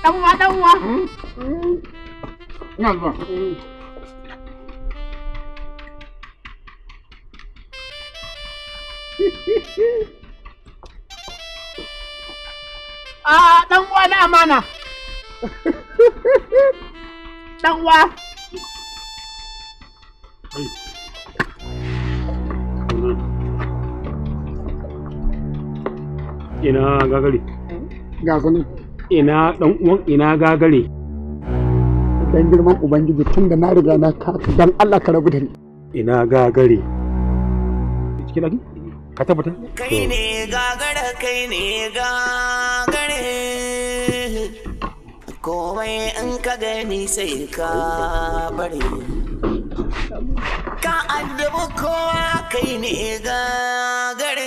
dan uwa dan uwa ina zuwa na amana dan ina dan uwan ina gagare dan girman ubangiji tun da na riga na kaka dan Allah ka rabu da ni ina gagare cikin lagi ka tabbata kai ne gagare kai ne gagare komai in ka gani sai ka bari ka addabu kowa kai ne gagare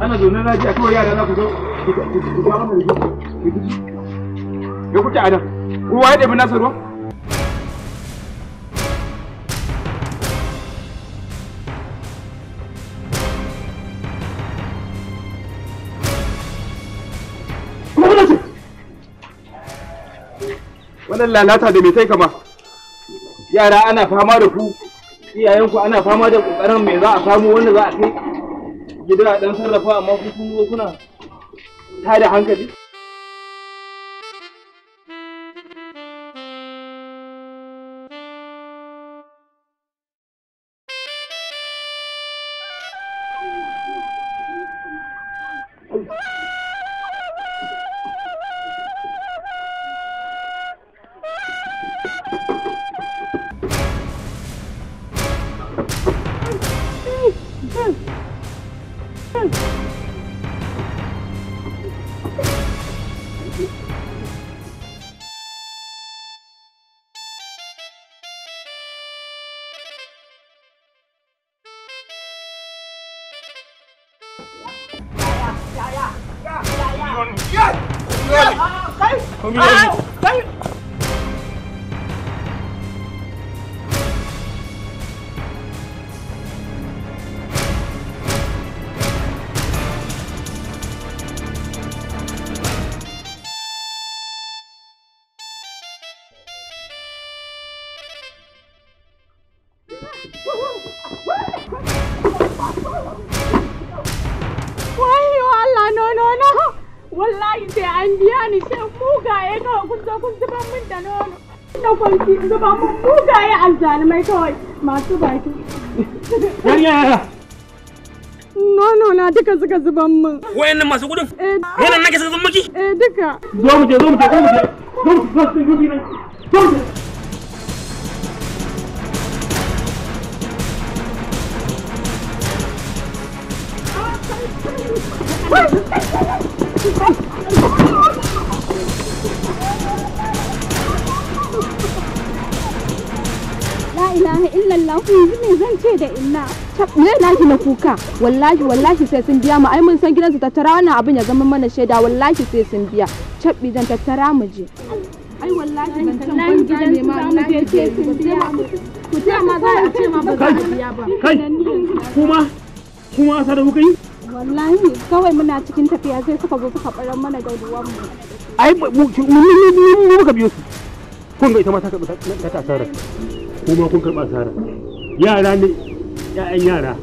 ana zaune lafiya kawai yara za ku zo ku fara zo ya kuke adam wannan lalata da mai taika yara ana fama da ku iyayenku ana fama da ƙoƙarin mai za a samu wanda za a kai gida a ɗan sarrafa amma kun kuna ta da hankali nono na kwanci zuba mun mugaye azzalumai kawai masu baki yariya nono na duka suka zuban min wayannan masu gudun eh, wannan nake suka zuban miki eh duka zo mu je zo mu je zo mu je zo mu je wallahi yanzu zan ce da inna me na kuka wallahi wallahi sai sun biya mu ai mun san gidansu tattara wannan abin ya zama mana shaida wallahi sai sun biya cabbi zan tattara mu je ai wallahi zan can banza ne ma wallahi ce sun biya ku ce ma za a ce ma ba za a biya ba kai kuma kuma asa da kuka yi wallahi kawai muna cikin tafiya sai suka zo suka barar mana da mu ai mu muka biyo su kun ga ita ma ta ta tsara kuma kun karɓi asara yara ne ƴaƴan yara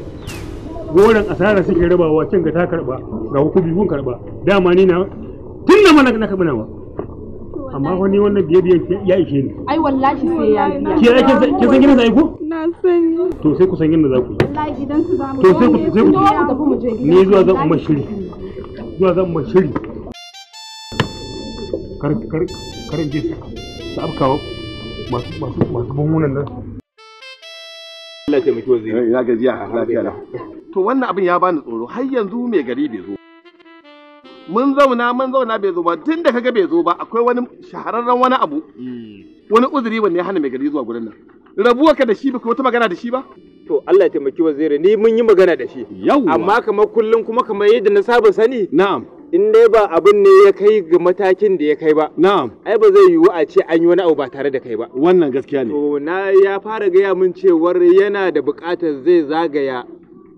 goron asara suke rabawa cin ga ta karɓa ga hukumi kun karɓa dama ni na tun da mana na karɓi nawa amma wani wannan biye biyan ya ishe ni ai wallahi sai ya biya ke ke san gidan zai ko na sani to sai ku san gidan za ku yi wallahi gidan su za mu to sai ku sai ku tafi mu je gidan ni zuwa zan umma shiri zuwa zan umma shiri kar kar kar je su afkawa masu masu masu nan Allah taimaki waziri ya eh, gajiya lafiya la to wannan abin ya bani tsoro har yanzu mai gari bai zo mun zauna mun zauna bai zo ba tun da kaga bai zo ba akwai wani shahararren wani abu hmm. wani uzuri wanne ya hana mai gari zuwa gurin nan rabuwa ka da shi ba wata magana da shi ba to Allah ya taimaki waziri ni mun yi magana da shi amma kamar kullum kuma kamar yadda na saba sani na'am in dai ba abin ne ya kai ga matakin da ya kai ba na'am ai ba zai yiwu a ce an yi wani abu ba tare da kai ba wannan gaskiya ne to na ya fara gaya min cewar yana da buƙatar zai zagaya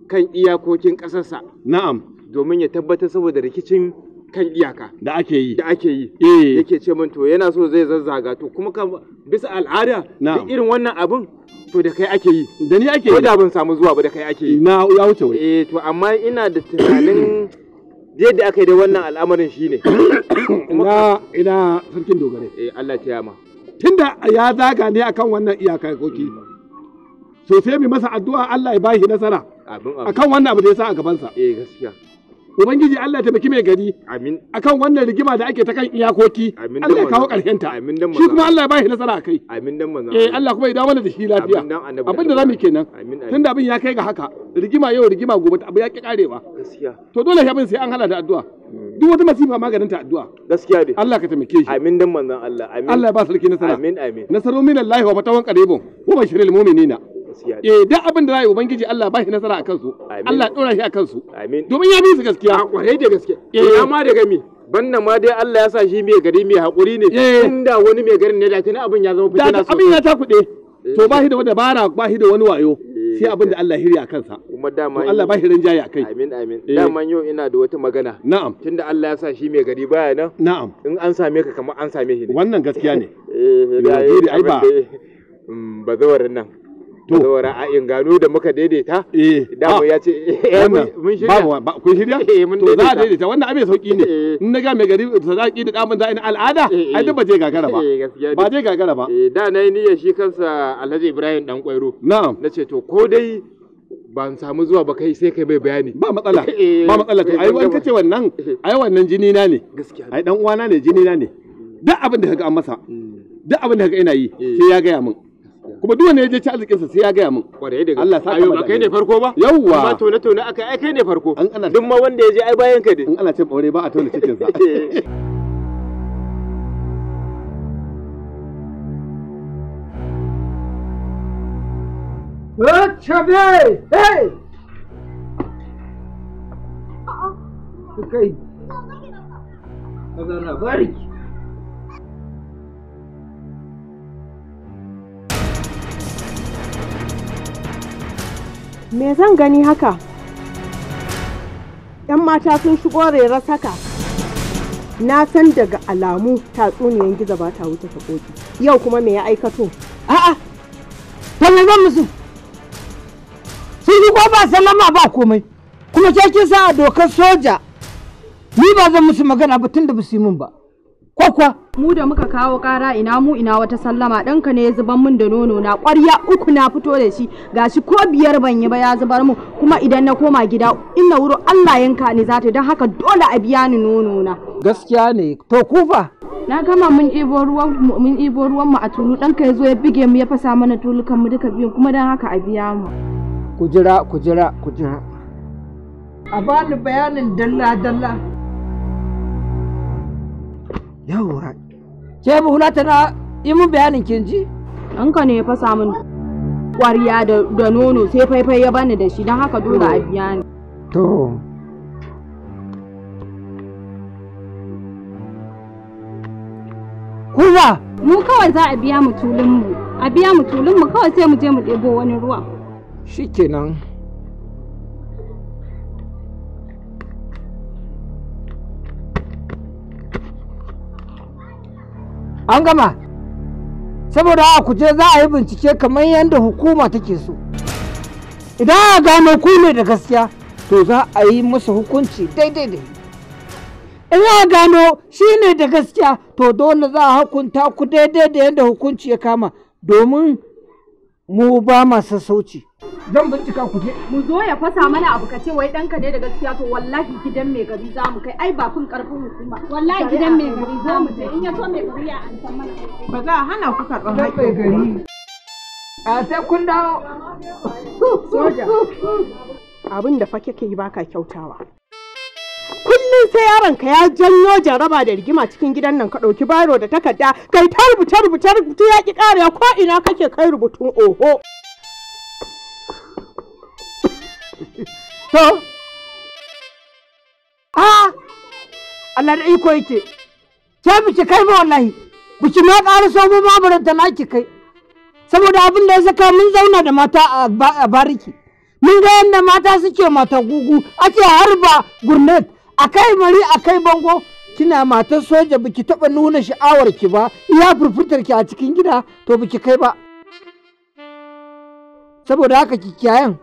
kan iyakokin ƙasarsa na'am domin ya tabbatar saboda rikicin kan iyaka da ake yi da ake yi eh yake ce min to yana so zai zazzaga to kuma kan bisa al'ada da irin wannan abin to da kai ake yi da ni ake yi ko da ban samu zuwa ba da kai ake yi na ya wuce wuri eh to amma ina da tunanin yadda aka yi da wannan al'amarin shine ina ina sarkin dogare eh Allah ta yama tunda ya zaga ne akan wannan iyaka koki so sai masa addu'a Allah ya bashi nasara akan wannan abu da sa a gabansa eh gaskiya ubangiji Allah ta baki mai gari a akan wannan rigima da ake ta kan iyakoki Allah ya kawo ƙarshen ta shi kuma Allah ya bashi nasara a kai eh Allah kuma ya dawo mana da shi lafiya abin da zamu kenan tun da abin ya kai ga haka rigima yau rigima gobe abu ya ki karewa gaskiya to dole abin sai an hala da addu'a duk wata masifa maganin ta addu'a gaskiya dai Allah ka taimake shi amin dan manzon Allah amin Allah ya ba sarki nasara amin amin nasarumin Allah wa fatawan qaribun wa bashiril mu'minina eh duk abin da zai ubangiji Allah ba shi nasara akan su Allah dora shi akan su domin ya bi su gaskiya a kwarai da gaske eh ma da gami banna ma dai Allah ya sa shi mai gari mai hakuri ne eh. inda wani mai garin ne da tana abin ya zama fitina sosai abin ya takude eh. to ba shi da dabara ba shi da wani wayo eh, sai abin da Allah akan kansa kuma dama Allah ba shi rinjaye akai amin amin dama yau ina da wata magana na'am tunda Allah ya sa shi mai gari baya nan na'am in an same ka kamar an same shi wannan gaskiya ne eh ai ba mm, zawarin nan to ra'ayin gano da muka daidaita eh dama ya ce eh, eh, wannan ba kun shirya eh, to za a daidaita wannan abin sauki ne in na ga mai gari sadaki da damun za'in al'ada ai duk ba je gagara ba ba je gagara ba da na yi niyyar shi kansa Alhaji Ibrahim dan kwairo na'am nace to ko dai ban samu zuwa ba kai sai kai bai bayani ba matsala ba matsala to ai wani kace wannan ai wannan jini na ne ai dan uwana ne jini na ne duk abin da kaga an masa hmm. duk abin da kaga ina yi sai ya gaya min kuma duk wanda ya je ci sa sai ya gaya min kwarai da Allah sa ka kai ne farko ba yawwa ba tone tone aka ai kai ne farko duk ma wanda ya je ai bayan ka dai in ana cin bore ba a tone cikin sa Chabe! Hey! Kai! Oh, Azana bariki! Me zan gani haka? ‘Yan mata sun shigo rera saka. Na san daga alamu tatsuniyan gizo ba ta wuce sakoki. Yau kuma me ya aikato? A'a, ta me zan musu? Sun shigo ba ma ba komai. Kuma sai kin sa dokar soja. Ni ba zan musu magana ba tun da ba su yi min ba. Kwakwa. mu da muka kawo kara ina mu ina wata sallama ɗanka ne ya zuban min da nono na ƙwarya uku na fito da shi gashi ko biyar ban yi ba ya zubar mu kuma idan na koma gida ina wuro Allah yanka ni za ta don haka dole a biya ni nono na gaskiya ne to kufa na gama mun ibo ruwan mun ibo ruwan mu a tulu ɗanka ya zo ya bige mu ya fasa mana tulukan mu duka biyu kuma don haka a biya mu ku jira ku jira ku jira a bani bayanin dalla dalla yawwa Ke buhula na yi mun bayanin kin ji? Ɗanka ne ya fasa min ƙwariya da nono sai faifai ya bani da shi don haka dole a biya ni. To. Kuwa! Mu kawai za a biya mu tulun mu, a biya mu tulun mu kawai sai mu je mu ɗebo wani ruwa. Shikenan. an gama saboda a kuje za a yi bincike kamar yadda hukuma take so idan a gano ku ne da gaskiya to za a yi musu hukunci daidai da in a gano shi ne da gaskiya to dole za a hukunta ku daidai da yadda hukunci ya kama domin mu ba masu sauci Zan bincika ku je. Mu zo ya fasa mana abu ka ce wai ɗanka ne da gaskiya to wallahi gidan mai gari za mu kai ai ba fin ƙarfin hukuma. Wallahi gidan mai gari za mu kai. in ya zo mai gari ya amsa mana. Ba za a hana ku karɓar haƙƙin mai gari. A sai kun dawo. Soja. Abin da fa kake yi baka kyautawa. kullum sai yaronka ya janyo jaraba da rigima cikin gidan nan ka ɗauki baro da takarda kai ta rubuta rubuta rubuta ya ƙi ƙarewa ko ina kake kai rubutun oho. to a Allah da iko yake ke biki kai ba wallahi biki ma ƙara so mu ma bare da naki kai saboda abin da ya saka mun zauna da mata a bariki mun ga yadda mata suke mata gugu ake harba gurnet akai mari kai bango kina matar soja biki taba nuna sha'awar ki ba iya furfurtar ki a cikin gida to biki kai ba saboda haka ki kiyayen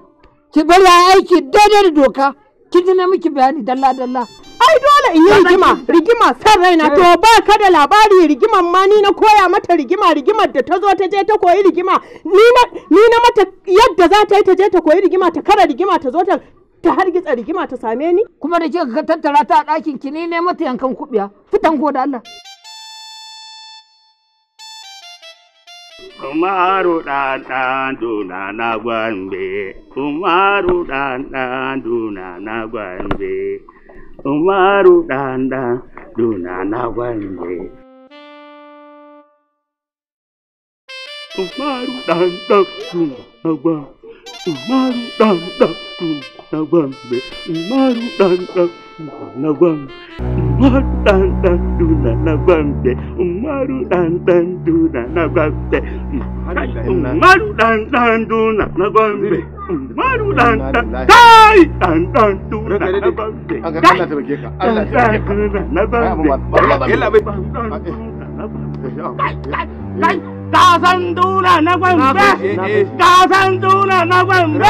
ki bar ya aiki daidai da doka ki ji na miki bayani dalla dalla ai dole in yi rigima rigima san raina eh. to ba ka da labari rigiman ma ni na koya mata rigima rigimar da ta zo ta je ta koyi rigima ni na mata yadda za ta yi ta je ta koyi rigima ta kara rigima ta zo ta ta hargitsa rigima ta same ni kuma da kika tattara ta a ɗakin ki ni ne mata yankan kubiya fitan goda Allah Umaru dan duna na gwambe Umaru dan duna na gwambe Umaru dan duna na gwambe Umaru dan duna na gwambe Umaru dan duna na gwambe Umaru dan duna na gwambe ɗanɗanduna na gwambe umaru ɗanɗanduna na gwambe umaru ɗanɗanduna na gwambe umaru ɗanɗanduna na gwambe ɗanɗanduna na gwambe ka san duna na gwambe ka san duna na gwambe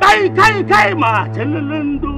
kai kai kai ma cillin duna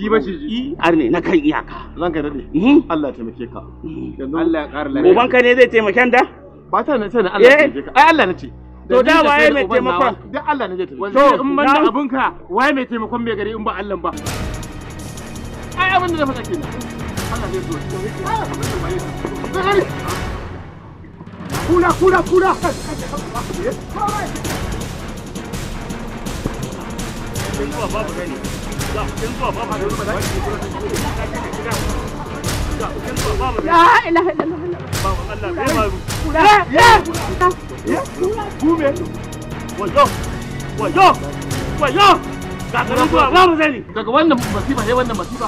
Shi ba ji. Arne na kan iyaka. Zan ka daɗe. Allah ya taimake ka. Allah ya ƙara lafiya. ne zai taimaken da? Ba ta ne sani Allah ya taimake ka. Ai Allah na ce. to da waye mai taimakon duk Allah ne zai taimake to in ban da abun ka waye mai taimakon mai gari in ba Allah ba ai abin da na faɗa kenan Allah zo لا اله الا الله daga wannan masifa sai wannan masifa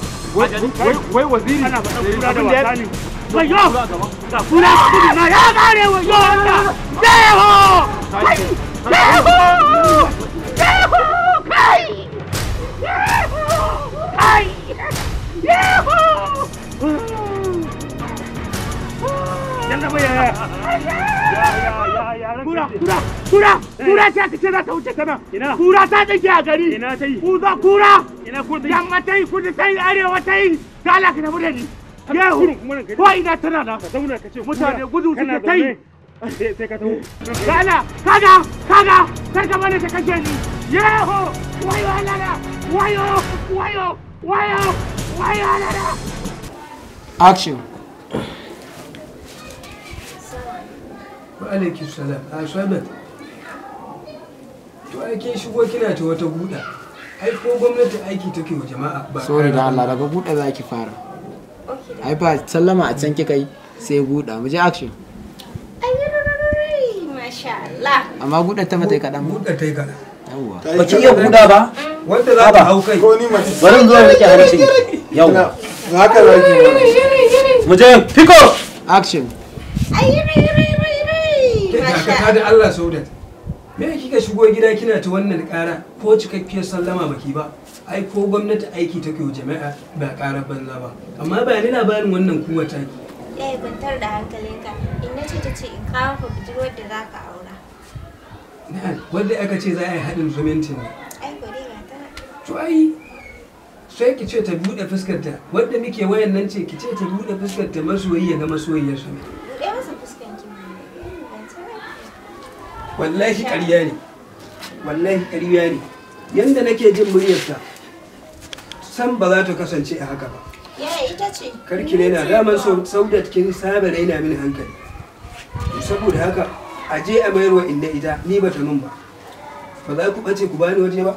wai waziri ana faɗa da wasani wayo ga kura ga gudu na ya kare wayo Allah yeho yeho Ay! Yahoo! Kura, kura, kura, kura ta kace za ta wuce Kura ta dake a gari. Ina ta yi. Kuza kura. Ina ko ta yi. Yamma ta yi, kudu ta yi, arewa ta yi. Ta Allah ka tafi da ni. Yahu. Ko ina tana na. Ka zauna ka ce mutane gudu suke ta yi. Sai ka taho. Kana, kana, kana, kar ka bane ta kashe ni. Yahu. Wayo Allah na. Wayo, wayo. Waya! Waya da da! Action! Wa alaikis salam, a shabat. To aikin shigo kina ta wata buɗa. Ai ko gwamnati aiki take wa jama'a ba. Sorry da Allah daga buɗa za ki fara. Ai ba sallama a can kika yi sai buɗa. Mu je action. Masha Allah. Amma buɗa ta mata kaɗan. Buɗa ta yi kaɗan. Yawwa. Ba ki iya buɗa ba? wanda za ka hau kai ko ni mace bari mu zo mu rike hancin yau haka za ki mu je fiko action ayyiri da Allah saudat me kika shigo gida kina ta wannan ƙara ko cikakkiyar sallama baki ba ai ko gwamnati aiki take wa jama'a ba ƙarar banza ba amma ba ni labarin wannan kuwa ta yayi kwantar da hankalinka in nace ta ce in kawo budurwar da zaka aura wanda aka ce za a yi haɗin zumunci ne to ai sai ki ce ta buɗe fuskarta wanda muke wayan nan ce ki ce ta buɗe fuskarta masoyi ya ga masoyiyar su wallahi ƙarya ne wallahi ƙarya ne yanda nake jin muryarta san ba za ta kasance a haka ba ya ita ce karki raina daman saudat kin saba raina mini hankali saboda haka a je a mayarwa inda ita ni ba ta min ba ba za ku ɓace ku bani waje ba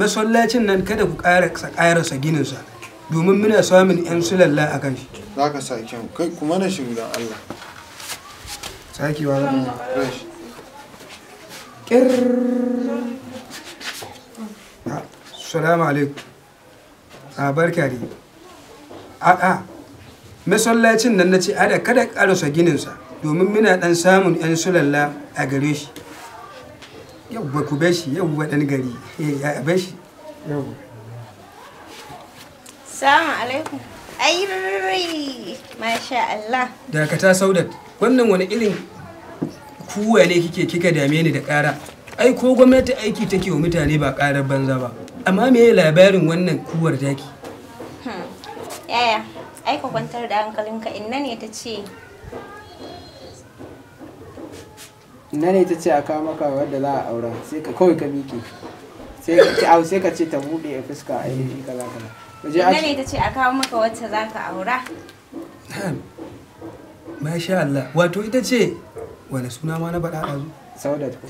masallacin nan kada ku ƙarasa ƙarasa gininsa domin muna samun 'yan sulalla a kan shi za ka sake kai kuma na shi gudan allah sakewa zan yi rashi ƙir ah, salamu alaikum a ah, barka dai a ah, a masallacin nan nace ada kada ƙarasa gininsa domin muna dan samun 'yan sulalla a gare shi yawwa ku bashi yawwa ɗan gari eh bai shi yawwa salamu alaikum ayyurri masha Allah dakata saudat wannan wani irin kuwa ne kike kika dame ni da ƙara ai ko gwamnati aiki take wa mutane ba ƙarar banza ba amma me labarin wannan kuwar taki hmm. yaya ai ka kwantar da hankalinka inna ne ta ce na ne ta ce a kawo maka wadda za a aura kawai ka miƙe sai ka ce ta buɗe a fuska a yi kaza kaza na ne ta ce a kawo maka wacce za ka aura masha Allah wato ita ce wani suna ma na baɗa ɗazu saudat ko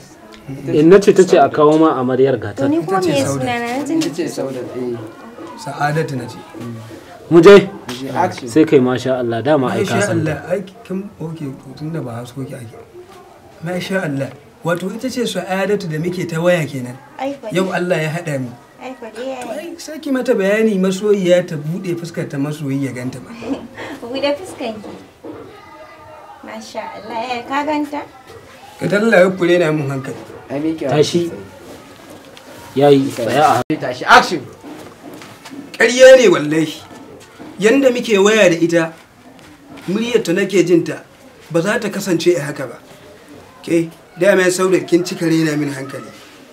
in eh, na ce ta ce a kawo ma amaryar gata ni kuma me suna na ta ce saudat eh sa'adatu na ce mu je sai kai masha Allah dama aika sanda masha Allah aikin oke da ba hasko ki ake Masha Allah. Wato ita ce sa'adatu da muke ta waya kenan. Yau Allah ya haɗa mu. Saki mata bayani masoyiya ta buɗe fuskar ta masoyi ya ganta ba. Buɗe fuskar ki. Masha Allah ya eh, ka ganta? Ka talla ya kure na mun hankali. Tashi. Yayi tsaya a tashi action. Ƙarya ne wallahi. Yanda muke waya da ita muryar ta nake jinta ba za ta kasance a haka ba. Ke, dama saboda kin cika rena min hankali.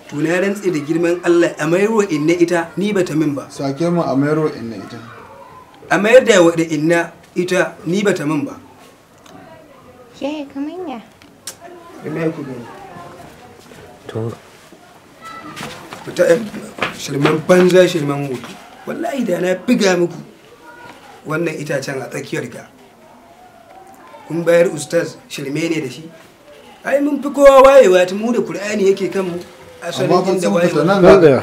Tuna rantsi da girman Allah a mayarwa inna ita ni bata min ba. Sake mu a mayarwa inna ita. A mayar da wa inna ita ni bata min ba. Ke ya Ina ku ne To. Fita shirman banza shirman wuta. Wallahi da na buga muku wannan itacen a tsakiyar ka. Kun bayar ustaz shirme ne da shi ai mun fi kowa wayewa ta mu da qur'ani yake kanmu a sanin da wayewa